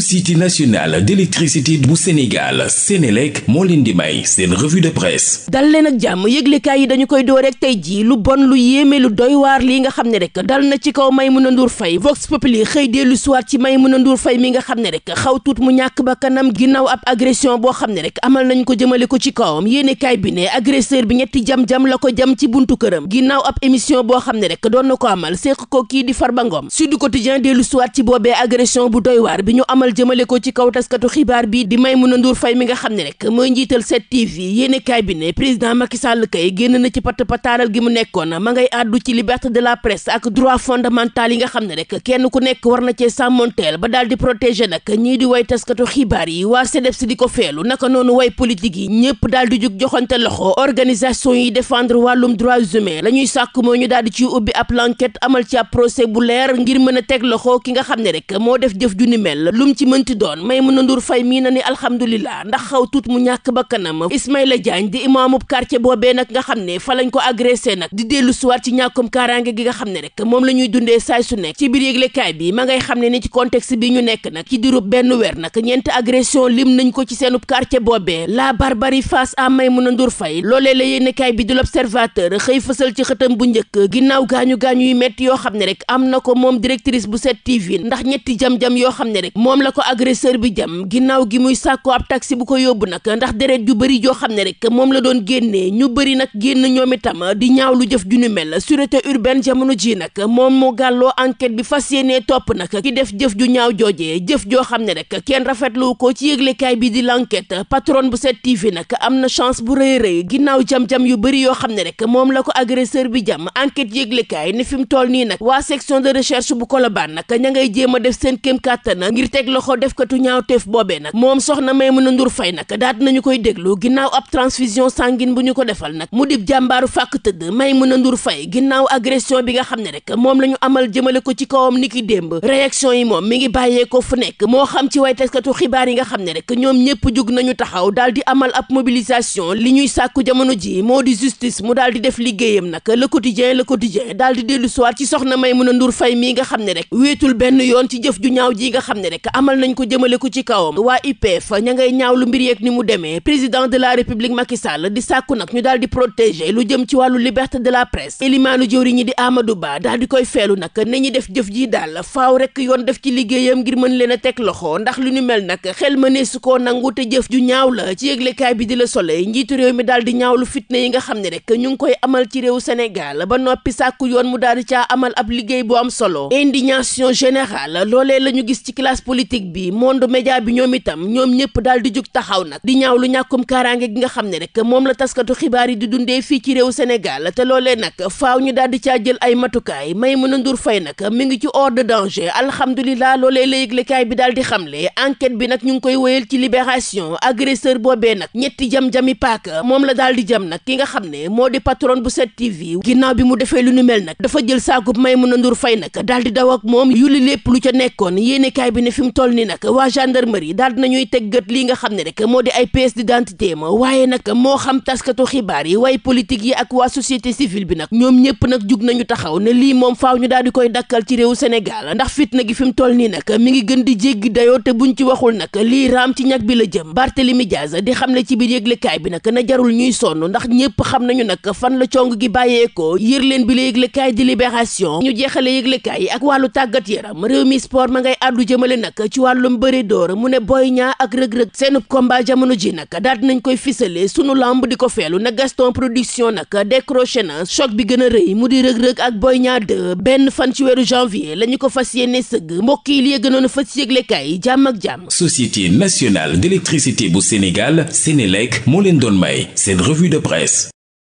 société nationale d'électricité bu Sénégal Sénélec moo leen di may seen revue de dal na ci kaw Maimouna Ndour Faye Vox Populi xëy dellu soir ci Maimouna Ndour Faye mi nga xam ne rek xaw tuut mu ñàkk ba kanam ginnaaw ab agression boo xam ne rek amal nañ ko jëmale ko ci kawam yéenekaay bi ne agresseur bi ñetti jam-jam la ko jam ci buntu këram ginnaaw ab émission boo xam ne rek doon na ko amal séq ko kii di Farba Ngom Sud Quotidien dellu soir ci boobee agression bu doy waar bi ñu amal amal jëmale ko ci kaw taskatu xibaar bi di Maimouna Ndour Faye mi nga xam ne rek mooy njiital 7TV yéene kaay bi ne président Macky Sall kay génn na ci pat gi mu nekkoon ma ngay àddu ci liberté de la presse ak droit fondamental yi nga xam ne rek kenn ku nekk war na cee sàmmonteel ba daal di protéger nag ñii di way taskatu xibaar yi waa CDEPS di ko feelu naka noonu way politique yi ñëpp daal di jug joxante loxo organisation yi défendre wàllum ki lu mu ci mënti doon Maimouna Ndour Faye mii na ni alhamdulilah ndax xaw tuut mu ñàkk ba kanam Ismaïla Diagne di imaamub quartier boobee nag nga xam ne fa lañ ko agressé nag di dellu suwaat ci ñàkkum kaaraange gi nga xam ne rek moom la ñuy dundee saay su nekk ci biir yëglekaay bi ma ngay xam ne ni ci contexte bi ñu nekk nag ci dirub benn weer nag ñeenti agression lim nañ ko ci seenub quartier boobee la barbarie face à Maimouna Ndour fay loolee la yéenekaay bi di l'Observateur xëy fësal ci xëtam bu njëkk ginnaaw gaañu gaañu yu metti yoo xam ne rek am na ko moom directrice bu set TV ndax ñetti jam-jam yoo xam ne moom la ko agresseur bi jam ginnaaw gi muy sàkkoo ab taxi bu ko yóbbu nag ndax deret ju bëri joo xam ne rek moom la doon génnee ñu bëri nag génn ñoom itam di ñaaw lu jëf ju ñu mel sûreté urbaine jamono ji nag moom moo gàlloo enquête bi fas yéenee topp nag ki def jëf ju ñaaw joojee jëf joo xam ne rek kenn rafetlu ko ci yëglekaay bi di l'enquête patron bu set TV nag na chance bu rëy ginnaaw jam-jam yu bëri yoo xam ne rek moom la ko agresseur bi jam enquête yëglekaay ne fi mu toll nii nag waa section de recherche bu Colobane nag ña ngay jéem a def seen kéem kàttan ngir teg loxo defkatu ñaawteef boobee nag moom soxna a Ndour Faye nag daat nañu koy déglu ginnaaw ab transfusion sangin bu ñu ko defal nag mu dib jàmbaaru fàkk tëdd Maymuna Ndour Faye ginnaaw agression bi nga xam ne rek moom la ñu amal jëmale ko ci kawam niki démb réaction yi moom mi ngi bàyyee ko fu nekk moo xam ci way taskatu xibaar yi nga xam ne rek ñoom ñëpp jug nañu taxaw daal di amal ab mobilisation li ñuy sàkku jamono ji moo di justice mu daal di def liggéeyam nag le quotidien le quotidien daal di dellu soir ci soxna Maymuna Ndour Faye mii nga xam ne rek weetul benn yoon ci jëf ju ñaaw ji nga xam ne rek amal nañ ko jëmale ko ci kawam waa IPF ña ngay ñaaw lu mbir yeeg ni mu demee président de la république Macky Sall di sàkku nag ñu daal di protéger lu jëm ci wàllu liberté de la presse élimaanu jëwriñ ñi di Amadou Ba daal di koy feelu nag ne ñi def jëf ji daal faaw rek yoon def ci liggéeyam ngir mën leen a teg loxo ndax lu ñu mel nag xel mënee su ko nangu te jëf ju ñaaw la ci yëglekaay bi di la Soleil njiitu réew mi daal di ñaaw lu fitna yi nga xam ne rek ñu ngi koy amal ci réew Sénégal ba noppi sàkku yoon mu daal di caa amal ab liggéey bu am solo politique bi monde média bi ñoom itam ñoom ñëpp daal di jug taxaw nag di ñaaw lu ñàkkum kaaraange gi nga xam ne rek moom la taskatu xibaar yi di dundee fii ci réew Sénégal te loolee nag faaw ñu daal di caa jël ay matukaay Maïmouna Ndour Faye nag mi ngi ci hors de danger alhamdulilah loolee la yëglekaay bi daal di xamle enquête bi nag ñu ngi koy wéyal ci libération agresseur boobee nag ñetti jam-jami paaka moom la daal di jam nag ki nga xam ne moo di patron bu set TV ginnaaw bi mu defee lu nu mel nag dafa jël saakub Maïmouna Ndour Faye nag daal di daw ak moom yulli lépp lu ca nekkoon yéenekaay bi ne fi toll ni nag waa gendarmerie daal dinañuy teggat gët lii nga xam ne rek moo di ay pièces d'identité ma waaye nag moo xam taskatu xibaar yi waaye politique yi ak waa société civile bi nag ñoom ñëpp nag jug nañu taxaw ne lii moom faaw ñu daal di koy dakkal ci réewu Sénégal ndax fitna gi fi mu toll nii nag mi ngi gën di jéggi dayoo te buñ ci waxul nag lii raam ci ñag bi la jëm Barthélemy Diaz di xam ne ci biir yëglekaay bi nag na jarul ñuy sonn ndax ñëpp xam nañu nag fan la cong gi bàyyeekoo yër leen bi la yëglekaay di libération ñu jeexale yëglekaay yi ak wàllu tàggat yaram réew mi sport ma ngay àddu jëmale nag ci wàllum bëri door mu ne Boy Niang ak rëg-rëg seen combat jamono ji nag daal dinañ koy fisalee sunu lamb di ko feelu na Gaston production nag décroché na choc bi gën a rëy mu di rëg-rëg ak Boy ñaar 2 benn fan ci weeru janvier la ñu ko fas yéene sëgg mbokk yi li gënoon a fas yëglekaay jàmm ak jàmm. Société nationale d'électricité bu Sénégal Sénélec moo leen doon may seen revue de presse.